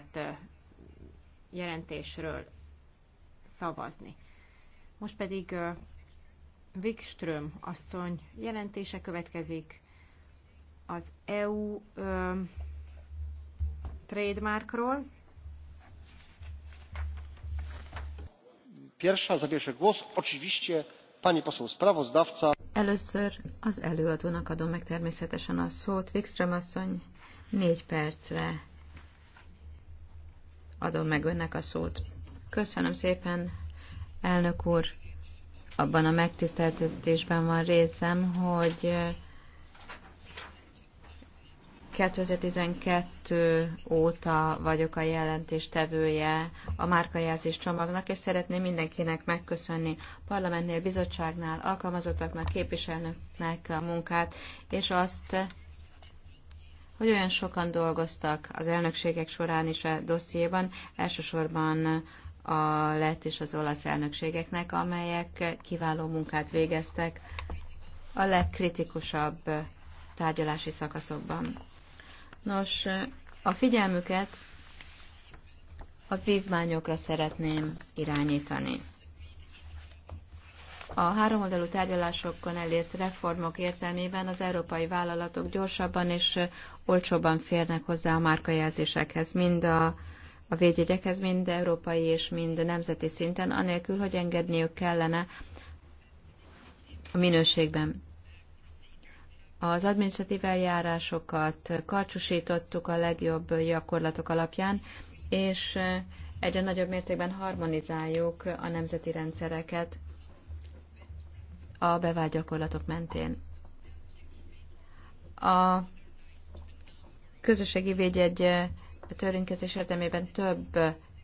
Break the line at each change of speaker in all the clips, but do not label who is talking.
tehát jelentésről szavazni. Most pedig Wikström asszony jelentése következik az EU ö, trademarkról.
Pierwsza zabierze
głos oczywiście pani poseł sprawozdawca.
Először az előadónak adom meg természetesen a szót. Wikström asszony négy percre adom meg önnek a szót. Köszönöm szépen, elnök úr. Abban a megtiszteltetésben van részem, hogy 2012 óta vagyok a jelentéstevője a márkajelzés csomagnak, és szeretném mindenkinek megköszönni parlamentnél, bizottságnál, alkalmazottaknak, képviselőknek a munkát, és azt, hogy olyan sokan dolgoztak az elnökségek során is a dossziéban, elsősorban a lett és az olasz elnökségeknek, amelyek kiváló munkát végeztek a legkritikusabb tárgyalási szakaszokban. Nos, a figyelmüket a vívmányokra szeretném irányítani. A háromoldalú tárgyalásokon elért reformok értelmében az európai vállalatok gyorsabban és olcsóbban férnek hozzá a márkajelzésekhez, mind a, a védjegyekhez, mind európai és mind nemzeti szinten, anélkül, hogy engedniük kellene a minőségben. Az adminisztratív eljárásokat karcsúsítottuk a legjobb gyakorlatok alapján, és egyre nagyobb mértékben harmonizáljuk a nemzeti rendszereket a bevált gyakorlatok mentén. A közösségi védjegy törvénykezés értelmében több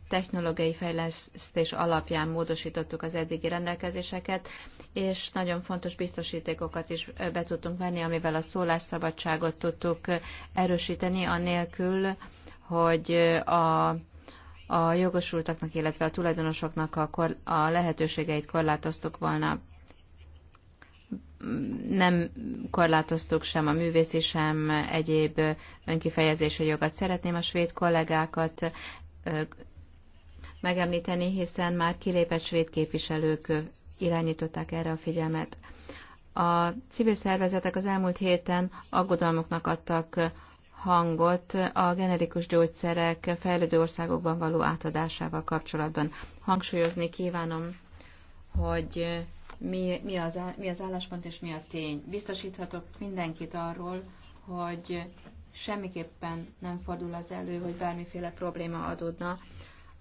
technológiai fejlesztés alapján módosítottuk az eddigi rendelkezéseket, és nagyon fontos biztosítékokat is be tudtunk venni, amivel a szólásszabadságot tudtuk erősíteni, anélkül, hogy a a jogosultaknak, illetve a tulajdonosoknak a, kor, a lehetőségeit korlátoztuk volna nem korlátoztuk sem a művészi, sem egyéb önkifejezési jogat. Szeretném a svéd kollégákat megemlíteni, hiszen már kilépett svéd képviselők irányították erre a figyelmet. A civil szervezetek az elmúlt héten aggodalmuknak adtak hangot a generikus gyógyszerek fejlődő országokban való átadásával kapcsolatban. Hangsúlyozni kívánom, hogy mi, mi, az, mi az álláspont és mi a tény. Biztosíthatok mindenkit arról, hogy semmiképpen nem fordul az elő, hogy bármiféle probléma adódna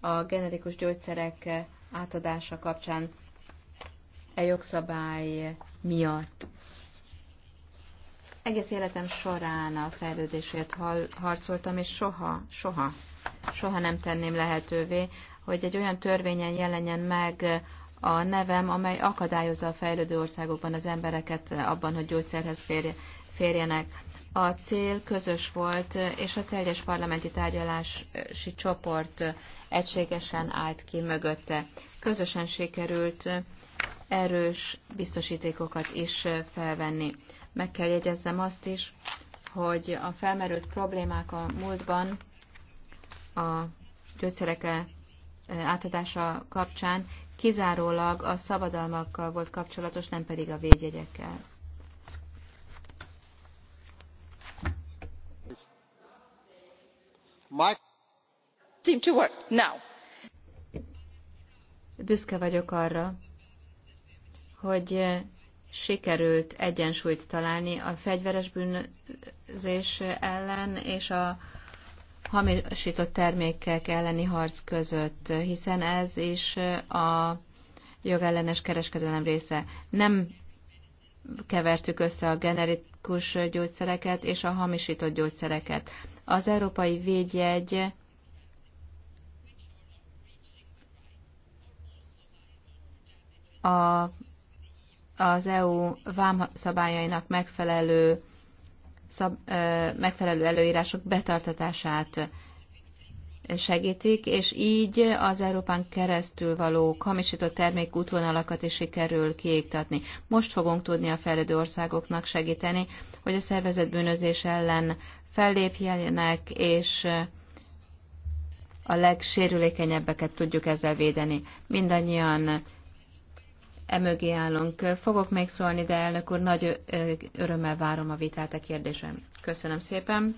a generikus gyógyszerek átadása kapcsán e jogszabály miatt. Egész életem során a fejlődésért harcoltam, és soha, soha, soha nem tenném lehetővé, hogy egy olyan törvényen jelenjen meg a nevem, amely akadályozza a fejlődő országokban az embereket abban, hogy gyógyszerhez férjenek. A cél közös volt, és a teljes parlamenti tárgyalási csoport egységesen állt ki mögötte. Közösen sikerült erős biztosítékokat is felvenni. Meg kell jegyezzem azt is, hogy a felmerült problémák a múltban a gyógyszerek eh, átadása kapcsán kizárólag a szabadalmakkal volt kapcsolatos, nem pedig a védjegyekkel. Mike. Seem to work now. Büszke vagyok arra, hogy sikerült egyensúlyt találni a fegyveres bűnözés ellen és a hamisított termékek elleni harc között, hiszen ez is a jogellenes kereskedelem része. Nem kevertük össze a generikus gyógyszereket és a hamisított gyógyszereket. Az európai védjegy a, az EU vámszabályainak megfelelő szab, megfelelő előírások betartatását segítik, és így az Európán keresztül való hamisított termék útvonalakat is sikerül kiiktatni. Most fogunk tudni a fejlődő országoknak segíteni, hogy a szervezet bűnözés ellen fellépjenek, és a legsérülékenyebbeket tudjuk ezzel védeni. Mindannyian emögé állunk. Fogok még szólni, de elnök úr, nagy örömmel várom a vitát a kérdésem. Köszönöm szépen.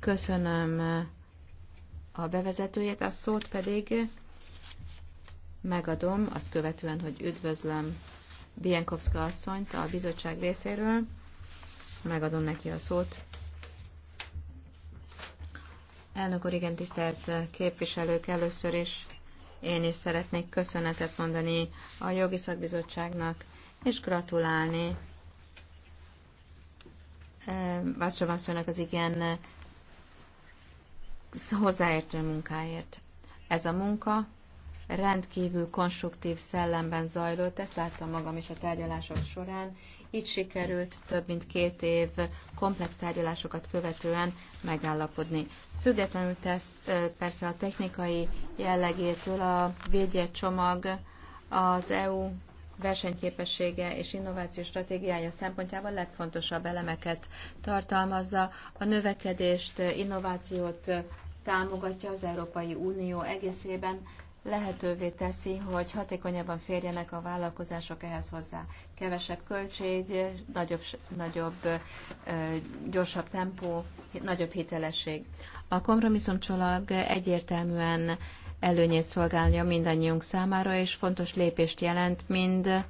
Köszönöm a bevezetőjét, a szót pedig megadom, azt követően, hogy üdvözlöm Bienkowska asszonyt a bizottság részéről. Megadom neki a szót. Elnök úr, igen, tisztelt képviselők, először is én is szeretnék köszönetet mondani a Jogi Szakbizottságnak, és gratulálni eh, Vácsa Vasszonynak az igen eh, hozzáértő munkáért. Ez a munka rendkívül konstruktív szellemben zajlott, ezt láttam magam is a tárgyalások során, így sikerült több mint két év komplex tárgyalásokat követően megállapodni. Függetlenül tesz persze a technikai jellegétől a csomag, az EU versenyképessége és innovációs stratégiája szempontjából legfontosabb elemeket tartalmazza, a növekedést, innovációt támogatja az Európai Unió egészében, lehetővé teszi, hogy hatékonyabban férjenek a vállalkozások ehhez hozzá. Kevesebb költség, nagyobb, nagyobb gyorsabb tempó, nagyobb hitelesség. A kompromisszumcsalag egyértelműen előnyét szolgálja mindannyiunk számára, és fontos lépést jelent mind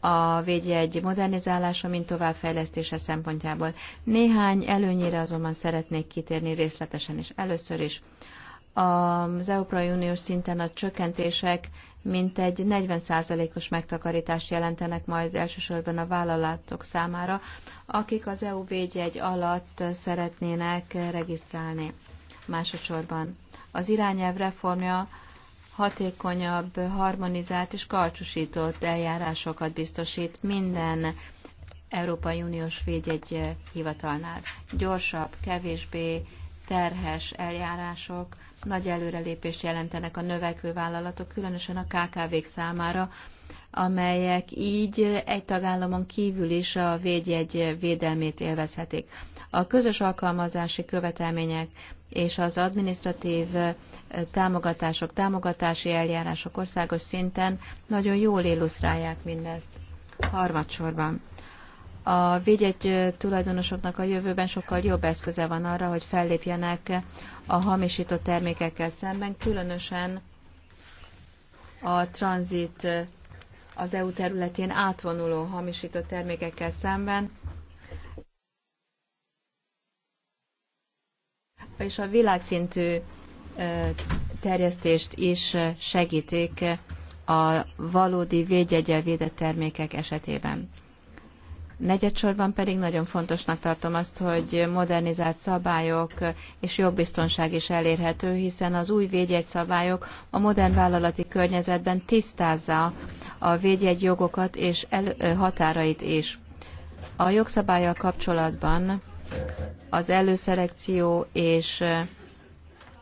a védjegy modernizálása, mint továbbfejlesztése szempontjából. Néhány előnyére azonban szeretnék kitérni részletesen is. Először is az Európai Uniós szinten a csökkentések mintegy 40%-os megtakarítást jelentenek majd elsősorban a vállalatok számára, akik az EU védjegy alatt szeretnének regisztrálni. Másodszorban az irányelv reformja hatékonyabb, harmonizált és karcsúsított eljárásokat biztosít minden Európai Uniós védjegy hivatalnál. Gyorsabb, kevésbé terhes eljárások nagy előrelépést jelentenek a növekvő vállalatok, különösen a KKV-k számára, amelyek így egy tagállamon kívül is a védjegy védelmét élvezhetik. A közös alkalmazási követelmények és az administratív eh, támogatások, támogatási eljárások országos szinten nagyon jól illusztrálják mindezt. Harmadsorban a védjegy tulajdonosoknak a jövőben sokkal jobb eszköze van arra, hogy fellépjenek a hamisított termékekkel szemben, különösen a tranzit az EU területén átvonuló hamisított termékekkel szemben, és a világszintű terjesztést is segítik a valódi védjegyel védett termékek esetében. Negyedsorban pedig nagyon fontosnak tartom azt, hogy modernizált szabályok és biztonság is elérhető, hiszen az új védjegyszabályok a modern vállalati környezetben tisztázza a jogokat és el, határait is. A jogszabályal kapcsolatban az előszelekció és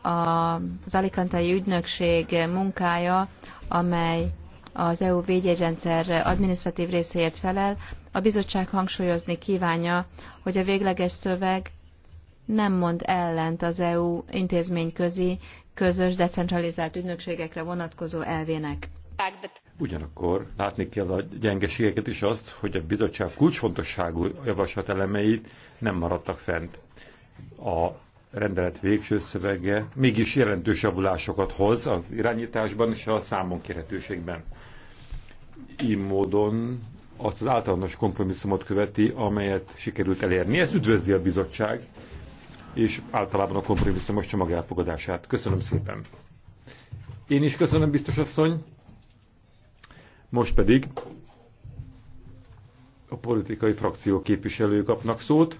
az Alicantai ügynökség munkája, amely az EU védjegyrendszer adminisztratív részéért felel, a bizottság hangsúlyozni kívánja, hogy a végleges szöveg nem mond ellent az EU intézményközi, közös, decentralizált ügynökségekre vonatkozó elvének.
Ugyanakkor látni kell a gyengeségeket is azt, hogy a bizottság kulcsfontosságú javaslat elemeit nem maradtak fent. A rendelet végső szövege mégis jelentős javulásokat hoz az irányításban és a számon kérhetőségben. Így módon azt az általános kompromisszumot követi, amelyet sikerült elérni. Ezt üdvözli a bizottság, és általában a kompromisszumos csomag elfogadását. Köszönöm szépen. Én is köszönöm, biztos asszony. Most pedig a politikai frakció képviselői kapnak szót.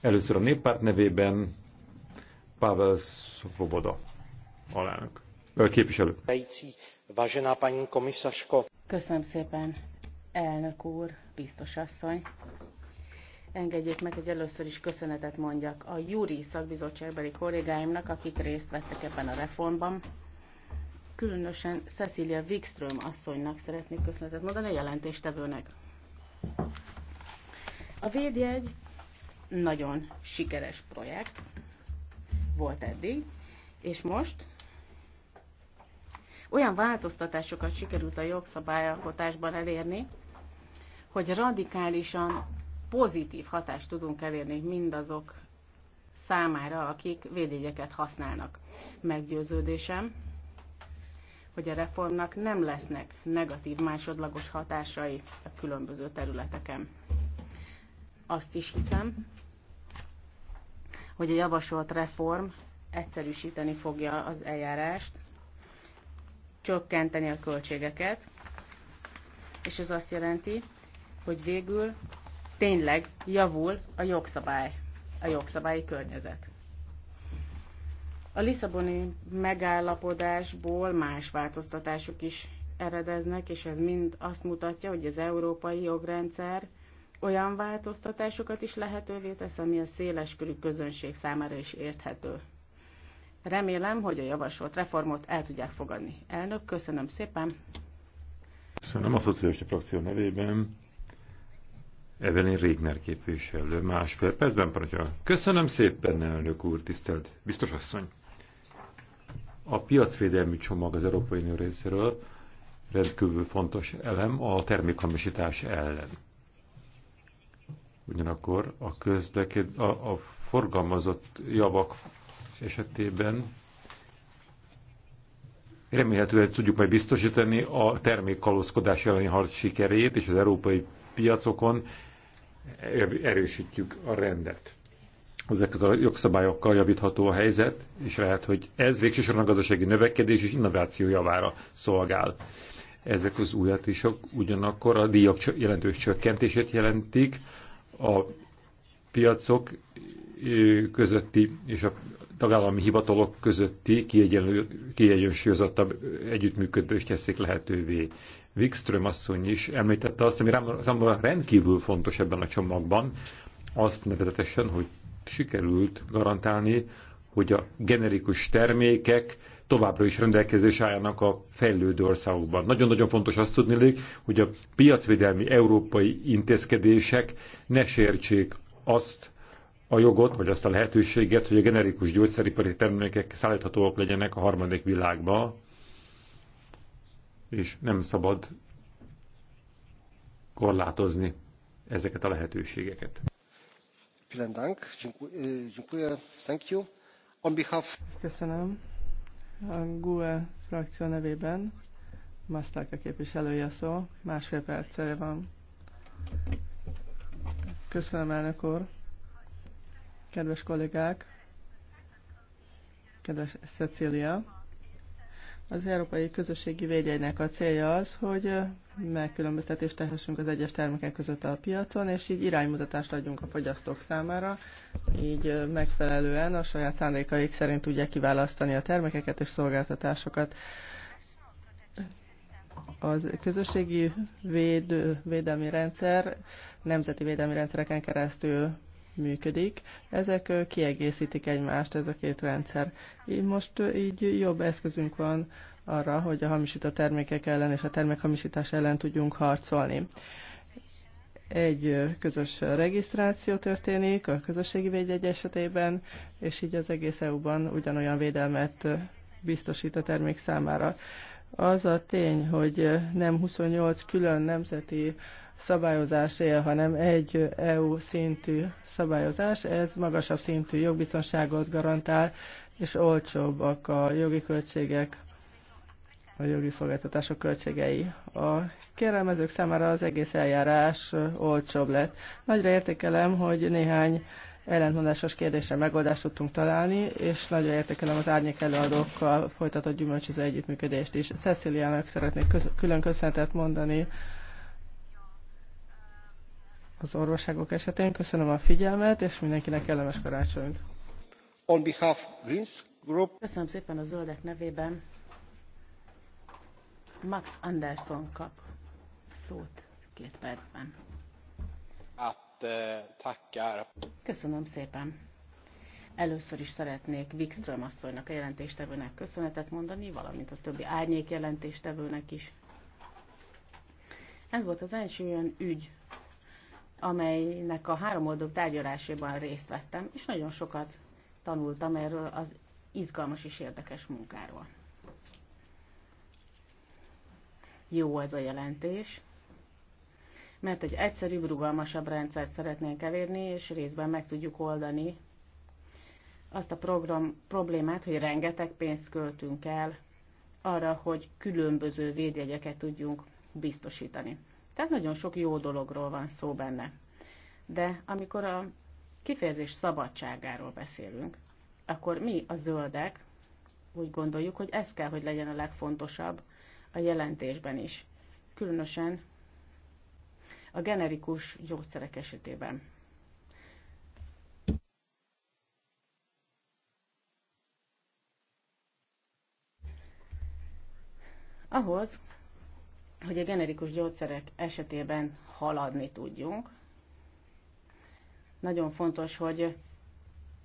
Először a néppárt nevében Pavel Svoboda, alelnök, ö, képviselő.
Köszönöm szépen, elnök úr, biztos asszony. Engedjék meg, hogy először is köszönetet mondjak a Júri szakbizottságbeli kollégáimnak, akik részt vettek ebben a reformban. Különösen Cecilia Wikström asszonynak szeretnék köszönetet mondani a jelentéstevőnek. A védjegy nagyon sikeres projekt, volt eddig, és most olyan változtatásokat sikerült a jogszabályalkotásban elérni, hogy radikálisan pozitív hatást tudunk elérni mindazok számára, akik védégyeket használnak. Meggyőződésem, hogy a reformnak nem lesznek negatív másodlagos hatásai a különböző területeken. Azt is hiszem, hogy a javasolt reform egyszerűsíteni fogja az eljárást, csökkenteni a költségeket, és ez azt jelenti, hogy végül tényleg javul a jogszabály, a jogszabályi környezet. A Lisszaboni megállapodásból más változtatások is eredeznek, és ez mind azt mutatja, hogy az európai jogrendszer olyan változtatásokat is lehetővé tesz, ami a széleskörű közönség számára is érthető. Remélem, hogy a javasolt reformot el tudják fogadni. Elnök, köszönöm szépen!
Köszönöm a szocialista frakció nevében. Evelyn Régner képviselő, másfél percben parancsol. Köszönöm szépen, elnök úr, tisztelt biztos asszony. A piacvédelmi csomag az Európai Unió részéről rendkívül fontos elem a termékhamisítás ellen. Ugyanakkor a, közdeked, a, a forgalmazott javak esetében remélhetően tudjuk majd biztosítani a termékkalózkodás elleni harc sikerét, és az európai piacokon er-, erősítjük a rendet. Ezek a jogszabályokkal javítható a helyzet, és lehet, hogy ez végsősorban a gazdasági növekedés és innováció javára szolgál. Ezek az újatisok ugyanakkor a díjak jelentős csökkentését jelentik, a piacok közötti és a tagállami hivatalok közötti kiegyensúlyozottabb együttműködést teszik lehetővé. Wikström asszony is említette azt, ami számomra rendkívül fontos ebben a csomagban, azt nevezetesen, hogy sikerült garantálni, hogy a generikus termékek továbbra is rendelkezés álljanak a fejlődő országokban. Nagyon-nagyon fontos azt tudni, hogy a piacvédelmi európai intézkedések ne sértsék azt a jogot, vagy azt a lehetőséget, hogy a generikus gyógyszeripari termékek szállíthatóak legyenek a harmadik világba, és nem szabad korlátozni ezeket a lehetőségeket.
Köszönöm. A GUE frakció nevében Masztáka képviselője szó, másfél perccel van. Köszönöm, elnök úr. Kedves kollégák, kedves Cecília, az Európai Közösségi Védjegynek a célja az, hogy megkülönböztetést tehessünk az egyes termékek között a piacon, és így iránymutatást adjunk a fogyasztók számára, így megfelelően a saját szándékaik szerint tudják kiválasztani a termékeket és szolgáltatásokat. Az közösségi véd, védelmi rendszer nemzeti védelmi rendszereken keresztül működik. Ezek kiegészítik egymást, ez a két rendszer. Így most így jobb eszközünk van arra, hogy a hamisított termékek ellen és a termékhamisítás ellen tudjunk harcolni. Egy közös regisztráció történik a közösségi védjegy esetében, és így az egész EU-ban ugyanolyan védelmet biztosít a termék számára. Az a tény, hogy nem 28 külön nemzeti szabályozás él, hanem egy EU szintű szabályozás. Ez magasabb szintű jogbiztonságot garantál, és olcsóbbak a jogi költségek, a jogi szolgáltatások költségei. A kérelmezők számára az egész eljárás olcsóbb lett. Nagyra értékelem, hogy néhány ellentmondásos kérdésre megoldást tudtunk találni, és nagyra értékelem az árnyék előadókkal folytatott gyümölcsöző együttműködést is. Ceciliának szeretnék külön köszönetet mondani az orvosságok esetén. Köszönöm a figyelmet, és mindenkinek kellemes karácsonyt.
On behalf Greens Group. Köszönöm szépen a zöldek nevében. Max Anderson kap szót két
percben. At, hát, uh, eh,
Köszönöm szépen. Először is szeretnék Wikström asszonynak a jelentéstevőnek köszönetet mondani, valamint a többi árnyék jelentéstevőnek is. Ez volt az első olyan ügy, amelynek a három oldalú tárgyalásában részt vettem, és nagyon sokat tanultam erről az izgalmas és érdekes munkáról. Jó ez a jelentés, mert egy egyszerűbb, rugalmasabb rendszert szeretnénk elérni, és részben meg tudjuk oldani azt a program problémát, hogy rengeteg pénzt költünk el arra, hogy különböző védjegyeket tudjunk biztosítani. Tehát nagyon sok jó dologról van szó benne. De amikor a kifejezés szabadságáról beszélünk, akkor mi a zöldek úgy gondoljuk, hogy ez kell, hogy legyen a legfontosabb a jelentésben is. Különösen a generikus gyógyszerek esetében. Ahhoz, hogy a generikus gyógyszerek esetében haladni tudjunk. Nagyon fontos, hogy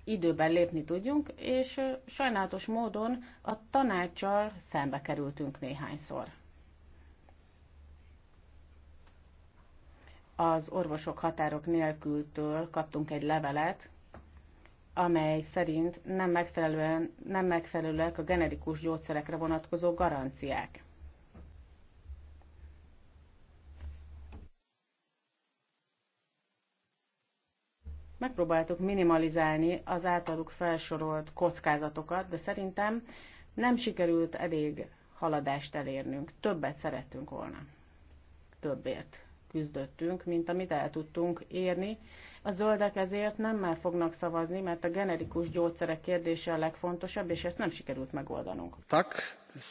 időben lépni tudjunk, és sajnálatos módon a tanácssal szembe kerültünk néhányszor. Az orvosok határok nélkültől kaptunk egy levelet, amely szerint nem, megfelelően, nem megfelelőek a generikus gyógyszerekre vonatkozó garanciák. megpróbáltuk minimalizálni az általuk felsorolt kockázatokat, de szerintem nem sikerült elég haladást elérnünk. Többet szerettünk volna. Többért küzdöttünk, mint amit el tudtunk érni. A zöldek ezért nem már fognak szavazni, mert a generikus gyógyszerek kérdése a legfontosabb, és ezt nem sikerült megoldanunk. Tak,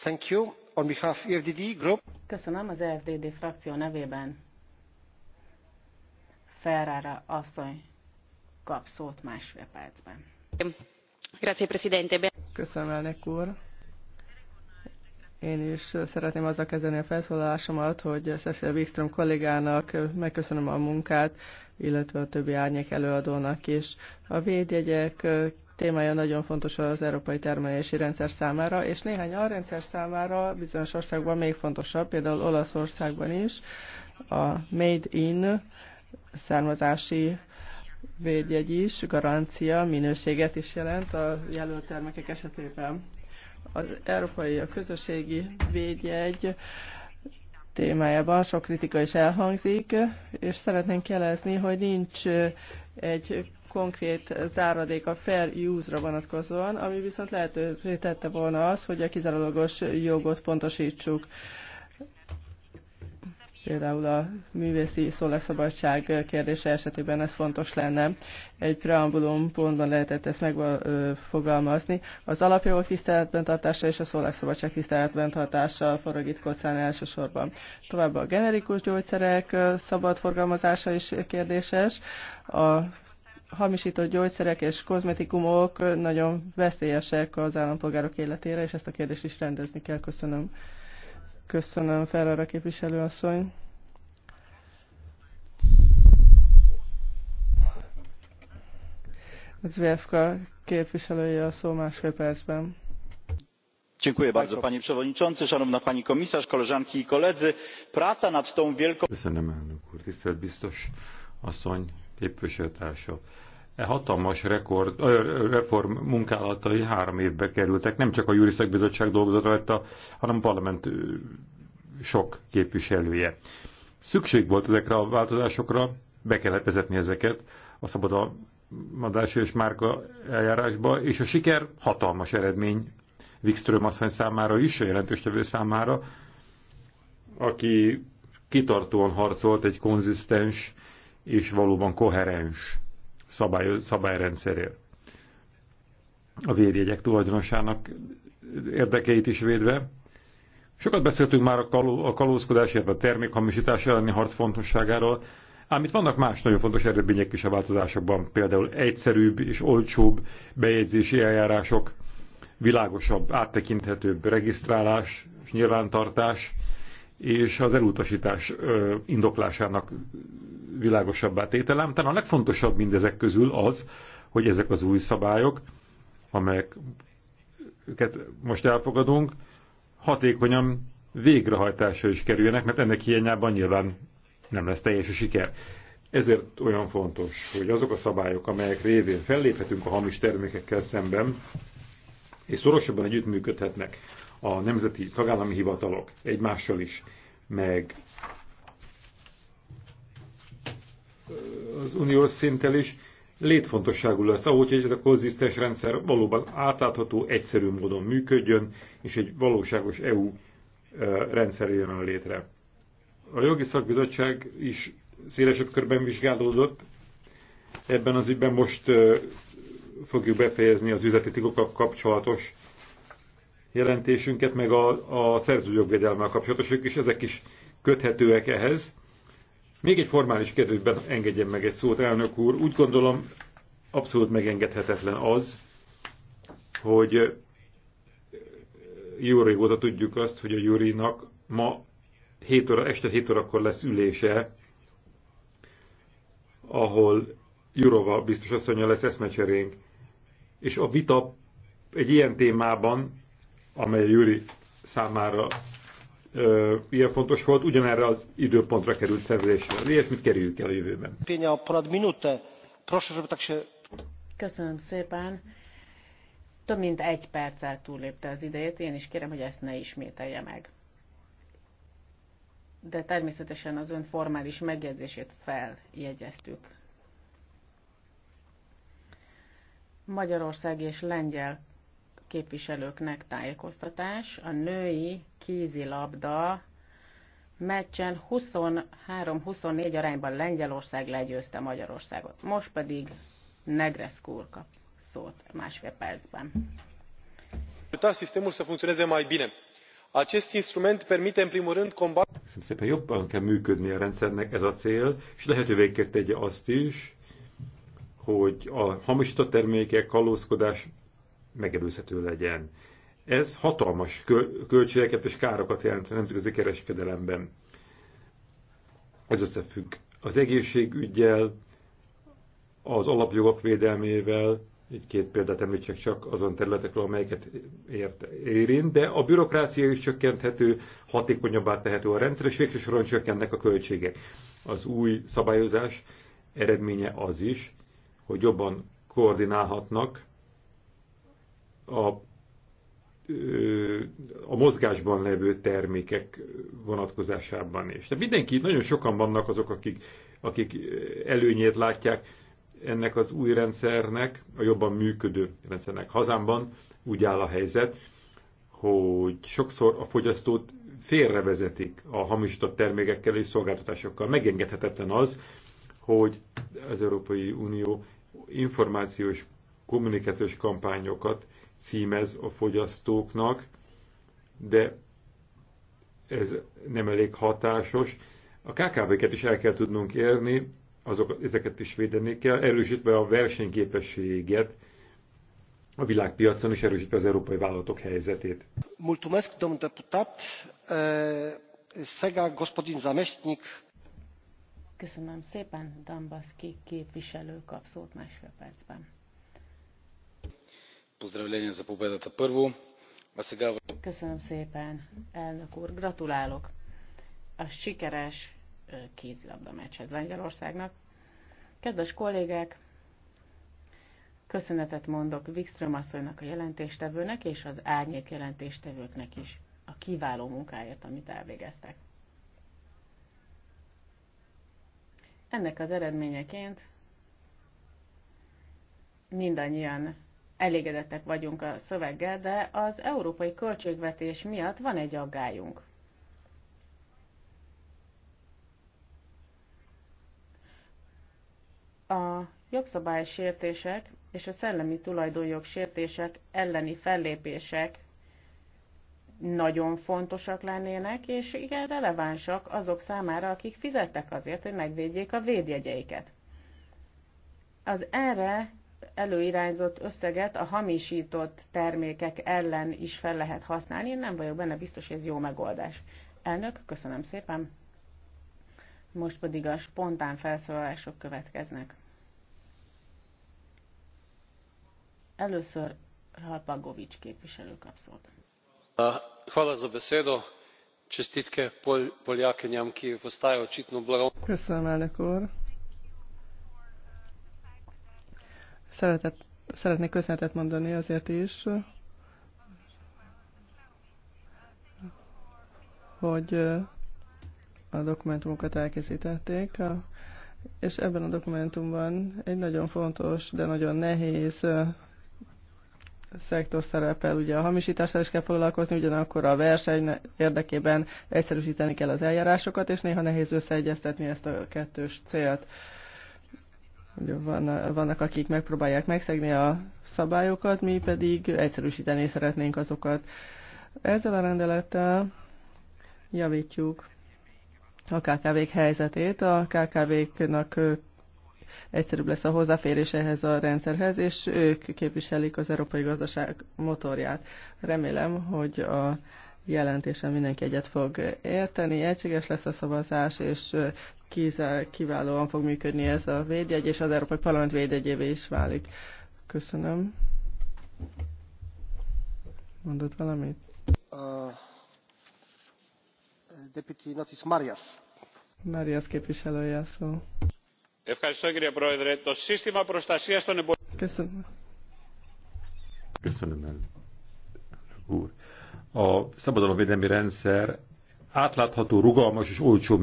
thank you. On behalf of FDD Group. Köszönöm az FDD frakció nevében. Ferrara asszony kap szót másfél percben.
Köszönöm, elnök úr. Én is szeretném azzal kezdeni a felszólalásomat, hogy Cecil Wikström kollégának megköszönöm a munkát, illetve a többi árnyék előadónak is. A védjegyek témája nagyon fontos az európai termelési rendszer számára, és néhány alrendszer számára bizonyos országban még fontosabb, például Olaszországban is a Made in származási védjegy is, garancia, minőséget is jelent a jelölt termékek esetében. Az európai a közösségi védjegy témájában sok kritika is elhangzik, és szeretnénk jelezni, hogy nincs egy konkrét záradék a fair use-ra vonatkozóan, ami viszont lehetővé tette volna az, hogy a kizárólagos jogot pontosítsuk. Például a művészi szólásszabadság kérdése esetében ez fontos lenne. Egy preambulum pontban lehetett ezt megfogalmazni. Az alapjogok tiszteletben tartása és a szólásszabadság tiszteletben tartása forog itt kocán elsősorban. Továbbá a generikus gyógyszerek szabad forgalmazása is kérdéses. A hamisított gyógyszerek és kozmetikumok nagyon veszélyesek az állampolgárok életére, és ezt a kérdést is rendezni kell. Köszönöm. Köszönöm, Ferrara asszony. Az VFK képviselője a szó másfél percben.
Dziękuję bardzo, panie przewodniczący, szanowna pani komisarz, koleżanki i koledzy. Praca nad tą wielką... Köszönöm, elnök úr, tisztelt biztos asszony, képviselőtársa. E hatalmas rekord, reform munkálatai három évbe kerültek, nem csak a Júri bizottság dolgozott rajta, hanem a parlament sok képviselője. Szükség volt ezekre a változásokra, be kellett vezetni ezeket a szabadalmadási és márka eljárásba, és a siker hatalmas eredmény Wikström asszony számára is, a jelentős tevő számára, aki kitartóan harcolt egy konzisztens és valóban koherens szabály, szabályrendszerért. A védjegyek tulajdonosának érdekeit is védve. Sokat beszéltünk már a, kaló, a kalózkodás, illetve a termékhamisítás elleni harc fontosságáról, ám itt vannak más nagyon fontos eredmények is a változásokban, például egyszerűbb és olcsóbb bejegyzési eljárások, világosabb, áttekinthetőbb regisztrálás és nyilvántartás, és az elutasítás indoklásának világosabbá tételem. Tehát a legfontosabb mindezek közül az, hogy ezek az új szabályok, amelyeket most elfogadunk, hatékonyan végrehajtásra is kerüljenek, mert ennek hiányában nyilván nem lesz teljes a siker. Ezért olyan fontos, hogy azok a szabályok, amelyek révén felléphetünk a hamis termékekkel szemben, és szorosabban együttműködhetnek a nemzeti tagállami hivatalok egymással is, meg az uniós szinttel is létfontosságú lesz, ahogy hogy ez a konzisztens rendszer valóban átlátható, egyszerű módon működjön, és egy valóságos EU e, rendszer jön létre. A jogi szakbizottság is szélesebb körben vizsgálódott. Ebben az ügyben most e, fogjuk befejezni az üzleti titkokkal kapcsolatos jelentésünket, meg a, a szerzőjogvédelmel kapcsolatos, és ezek is köthetőek ehhez. Még egy formális kérdésben engedjen meg egy szót, elnök úr. Úgy gondolom, abszolút megengedhetetlen az, hogy jó régóta tudjuk azt, hogy a Júrinak ma 7 óra, este 7 órakor lesz ülése, ahol Jurova biztos asszonya lesz eszmecserénk. És a vita egy ilyen témában amely Júri számára ö, ilyen fontos volt, ugyanerre az időpontra került szervezésre. Ilyesmit kerüljük el a jövőben.
Köszönöm szépen. Több mint egy perccel túllépte az idejét, én is kérem, hogy ezt ne ismételje meg. De természetesen az ön formális megjegyzését feljegyeztük. Magyarország és Lengyel képviselőknek tájékoztatás. A női kézilabda meccsen 23-24 arányban Lengyelország legyőzte Magyarországot. Most pedig Negrescu úr kap szót másfél percben.
Ajuta sistemul să funcționeze mai bine. Acest instrument permite în primul rând combaterea... Szépen jobban kell működni a rendszernek ez a cél, és lehetővé kell tegye azt is, hogy a hamisított termékek, kalózkodás megelőzhető legyen. Ez hatalmas költségeket és károkat jelent a nemzetközi kereskedelemben. Ez összefügg az egészségügyel, az alapjogok védelmével, egy két példát említsek csak azon területekről, amelyeket ért, érint, de a bürokrácia is csökkenthető, hatékonyabbá tehető a rendszer, és végső soron csökkennek a költségek. Az új szabályozás eredménye az is, hogy jobban koordinálhatnak a, a mozgásban levő termékek vonatkozásában is. de mindenki, nagyon sokan vannak azok, akik, akik előnyét látják ennek az új rendszernek, a jobban működő rendszernek. Hazámban úgy áll a helyzet, hogy sokszor a fogyasztót félrevezetik a hamisított termékekkel és szolgáltatásokkal. Megengedhetetlen az, hogy az Európai Unió információs kommunikációs kampányokat címez a fogyasztóknak, de ez nem elég hatásos. A KKV-ket is el kell tudnunk érni, azok, ezeket is védeni kell, erősítve a versenyképességet a világpiacon, és erősítve az európai vállalatok helyzetét.
Mulțumesc, domnul deputat. E, Szega, gospodin zamestnik. Köszönöm szépen, Dambaszki képviselő kap másfél percben.
Поздравления за победата първо. А сега...
Köszönöm szépen, elnök úr, gratulálok a sikeres kézilabda meccshez Lengyelországnak. Kedves kollégák, köszönetet mondok Wikström asszonynak a jelentéstevőnek és az árnyék jelentéstevőknek is a kiváló munkáért, amit elvégeztek. Ennek az eredményeként mindannyian elégedettek vagyunk a szöveggel, de az európai költségvetés miatt van egy aggályunk. A jogszabály sértések és a szellemi tulajdonjog sértések elleni fellépések nagyon fontosak lennének, és igen relevánsak azok számára, akik fizettek azért, hogy megvédjék a védjegyeiket. Az erre előirányzott összeget a hamisított termékek ellen is fel lehet használni. Én nem vagyok benne biztos, hogy ez jó megoldás. Elnök, köszönöm szépen. Most pedig a spontán felszólalások következnek. Először Halpagovics képviselő kap szót.
Hvala za besedo. Čestitke Poljakinjam, ki postajajo očitno blagovne.
Köszönöm, elnök úr szeretett, szeretnék köszönetet mondani azért is, hogy a dokumentumokat elkészítették, és ebben a dokumentumban egy nagyon fontos, de nagyon nehéz szektor szerepel, ugye a hamisítással is kell foglalkozni, ugyanakkor a verseny érdekében egyszerűsíteni kell az eljárásokat, és néha nehéz összeegyeztetni ezt a kettős célt. Van, vannak, akik megpróbálják megszegni a szabályokat, mi pedig egyszerűsíteni szeretnénk azokat. Ezzel a rendelettel javítjuk a KKV-k helyzetét. A KKV-knak egyszerűbb lesz a hozzáférés ehhez a rendszerhez, és ők képviselik az európai gazdaság motorját. Remélem, hogy a jelentésen mindenki egyet fog érteni, egységes lesz a szavazás, és kézzel kiválóan fog működni ez a védjegy, és az Európai Parlament védjegyévé is válik. Köszönöm. Mondott valamit? Uh, deputy Notis Marias. Marias képviselője szó. Köszönöm.
Köszönöm el. Úr. A szabadalomvédelmi rendszer átlátható, rugalmas és olcsó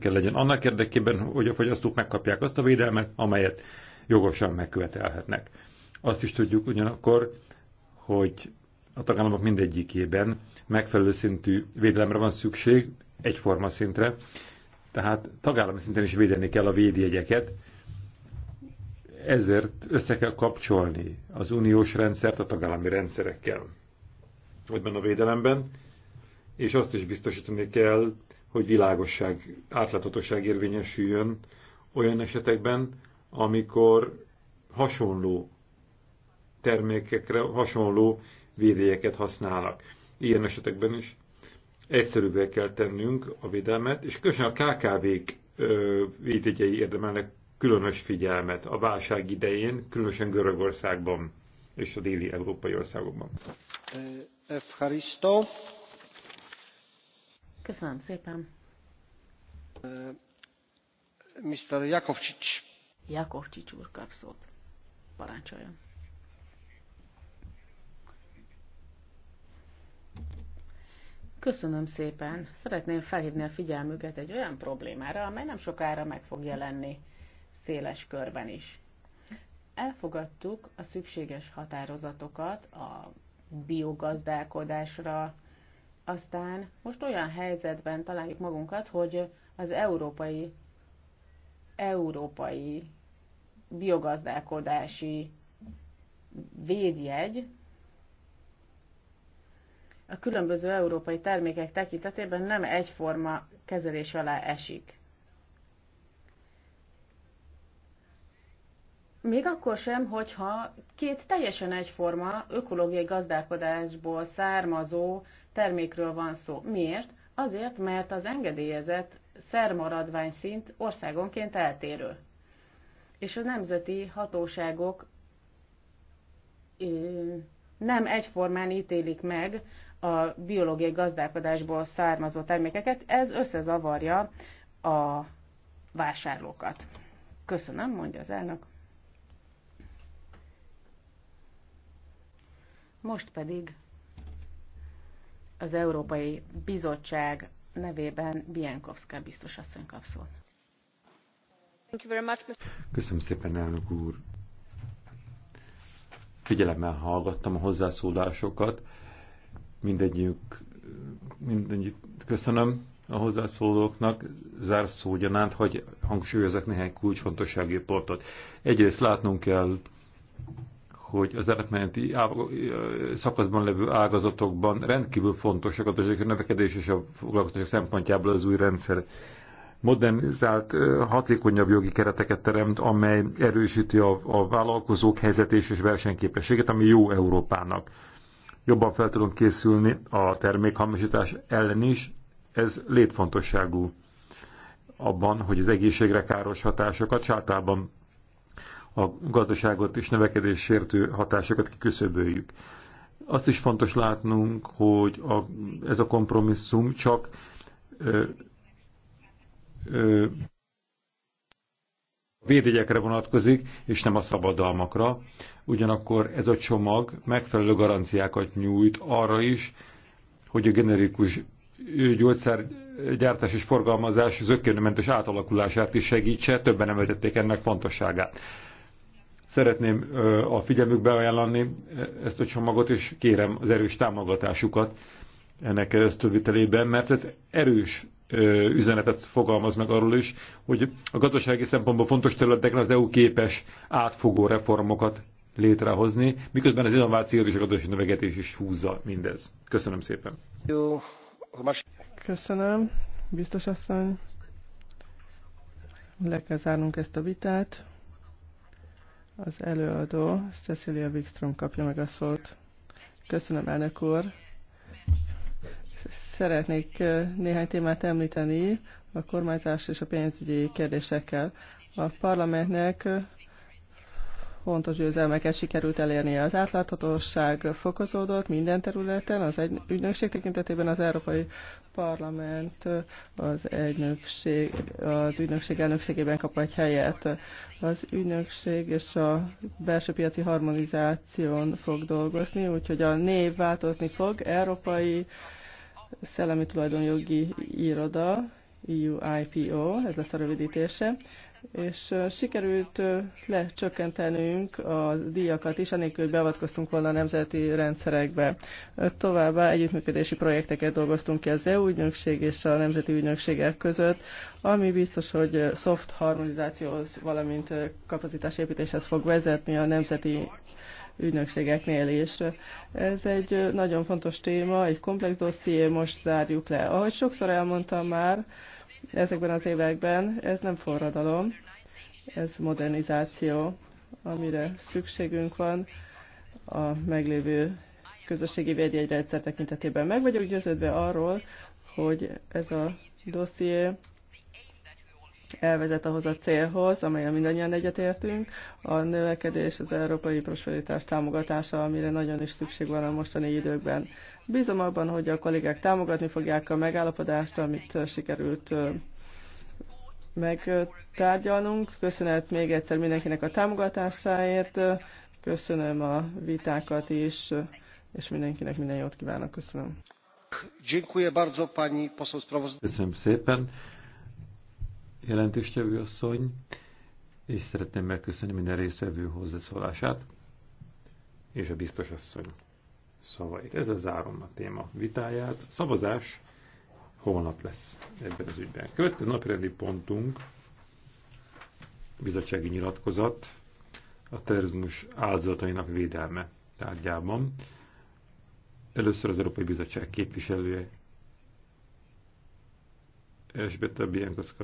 kell legyen. Annak érdekében, hogy a fogyasztók megkapják azt a védelmet, amelyet jogosan megkövetelhetnek. Azt is tudjuk ugyanakkor, hogy a tagállamok mindegyikében megfelelő szintű védelemre van szükség, egyforma szintre, tehát tagállami szinten is védeni kell a védjegyeket, ezért össze kell kapcsolni az uniós rendszert a tagállami rendszerekkel ebben a védelemben, és azt is biztosítani kell, hogy világosság, átláthatóság érvényesüljön olyan esetekben, amikor hasonló termékekre hasonló védélyeket használnak. Ilyen esetekben is egyszerűvé kell tennünk a védelmet, és különösen a KKV-k védjegyei érdemelnek különös figyelmet a válság idején, különösen Görögországban és a déli európai országokban. Evharisto.
Köszönöm szépen. Mr. Jakovcsics. Jakovcsics úr kap szót. Köszönöm szépen. Szeretném felhívni a figyelmüket egy olyan problémára, amely nem sokára meg fog jelenni széles körben is. Elfogadtuk a szükséges határozatokat a biogazdálkodásra, aztán most olyan helyzetben találjuk magunkat, hogy az európai, európai biogazdálkodási védjegy a különböző európai termékek tekintetében nem egyforma kezelés alá esik. Még akkor sem, hogyha két teljesen egyforma ökológiai gazdálkodásból származó termékről van szó. Miért? Azért, mert az engedélyezett szermaradvány szint országonként eltérő. És a nemzeti hatóságok nem egyformán ítélik meg a biológiai gazdálkodásból származó termékeket, ez összezavarja a vásárlókat. Köszönöm, mondja az elnök. Most pedig az Európai Bizottság nevében Bienkowska biztos asszony kap
szót. Köszönöm szépen, elnök úr. Figyelemmel hallgattam a hozzászólásokat. Mindegyik, mindegyik köszönöm a hozzászólóknak. Zárszó gyanánt, hogy hangsúlyozok néhány kulcsfontossági pontot. Egyrészt látnunk kell, hogy az átmeneti szakaszban levő ágazatokban rendkívül fontosak a gazdasági növekedés és a foglalkoztatás szempontjából az új rendszer modernizált, hatékonyabb jogi kereteket teremt, amely erősíti a, a vállalkozók helyzetés és versenyképességet, ami jó Európának. Jobban fel tudunk készülni a termékhamisítás ellen is, ez létfontosságú abban, hogy az egészségre káros hatásokat, sátában a gazdaságot és növekedés sértő hatásokat kiküszöböljük. Azt is fontos látnunk, hogy a, ez a kompromisszum csak ö, védjegyekre vonatkozik, és nem a szabadalmakra. Ugyanakkor ez a csomag megfelelő garanciákat nyújt arra is, hogy a generikus gyógyszergyártás és forgalmazás zöggenőmentes átalakulását is segítse, többen emeltették ennek fontosságát. Szeretném a figyelmükbe ajánlani e, ezt a csomagot, és kérem az erős támogatásukat ennek keresztülvitelében, mert ez erős üzenetet fogalmaz meg arról is, hogy a gazdasági szempontból fontos területeken az EU képes átfogó reformokat létrehozni, miközben az innováció és a gazdasági növegetés is húzza mindez. Köszönöm szépen. Jó.
Köszönöm, biztos asszony. Le kell zárnunk ezt a vitát. Az előadó Cecilia Wikström kapja meg a szót. Köszönöm, elnök úr. Szeretnék eh, néhány témát említeni a kormányzás és a pénzügyi kérdésekkel. A parlamentnek fontos győzelmeket sikerült elérnie. Az átláthatóság fokozódott minden területen, az egy, ügynökség tekintetében az Európai Parlament az, egynökség, az ügynökség elnökségében kap egy helyet. Az ügynökség és a belső piaci harmonizáción fog dolgozni, úgyhogy a név változni fog. Európai Szellemi Tulajdonjogi Iroda, EUIPO, ez lesz a rövidítése és sikerült lecsökkentenünk a díjakat is, anélkül, hogy beavatkoztunk volna a nemzeti rendszerekbe. Továbbá együttműködési projekteket dolgoztunk ki az EU ügynökség és a nemzeti ügynökségek között, ami biztos, hogy soft harmonizációhoz, valamint építéshez fog vezetni a nemzeti ügynökségeknél is. Ez egy nagyon fontos téma, egy komplex dosszié, most zárjuk le. Ahogy sokszor elmondtam már, ezekben az években. Ez nem forradalom, ez modernizáció, amire szükségünk van a meglévő közösségi védjegyrendszer tekintetében. Meg vagyok győződve arról, hogy ez a dosszié elvezet ahhoz a célhoz, amelyen mindannyian egyetértünk, a növekedés, az európai prosperitás támogatása, amire nagyon is szükség van a mostani időkben. Bízom abban, hogy a kollégák támogatni fogják a megállapodást, amit sikerült megtárgyalnunk. Köszönet még egyszer mindenkinek a támogatásáért, köszönöm a vitákat is, és mindenkinek minden jót kívánok. Köszönöm.
Köszönöm szépen, jelentéstevő asszony, és szeretném megköszönni minden résztvevő hozzászólását, és a biztos asszony szavait. Ezzel zárom a téma vitáját. szavazás holnap lesz ebben az ügyben. Következő napirendi pontunk bizottsági nyilatkozat a terrorizmus áldozatainak védelme tárgyában. Először az Európai Bizottság képviselője Esbeta Bienkoszka.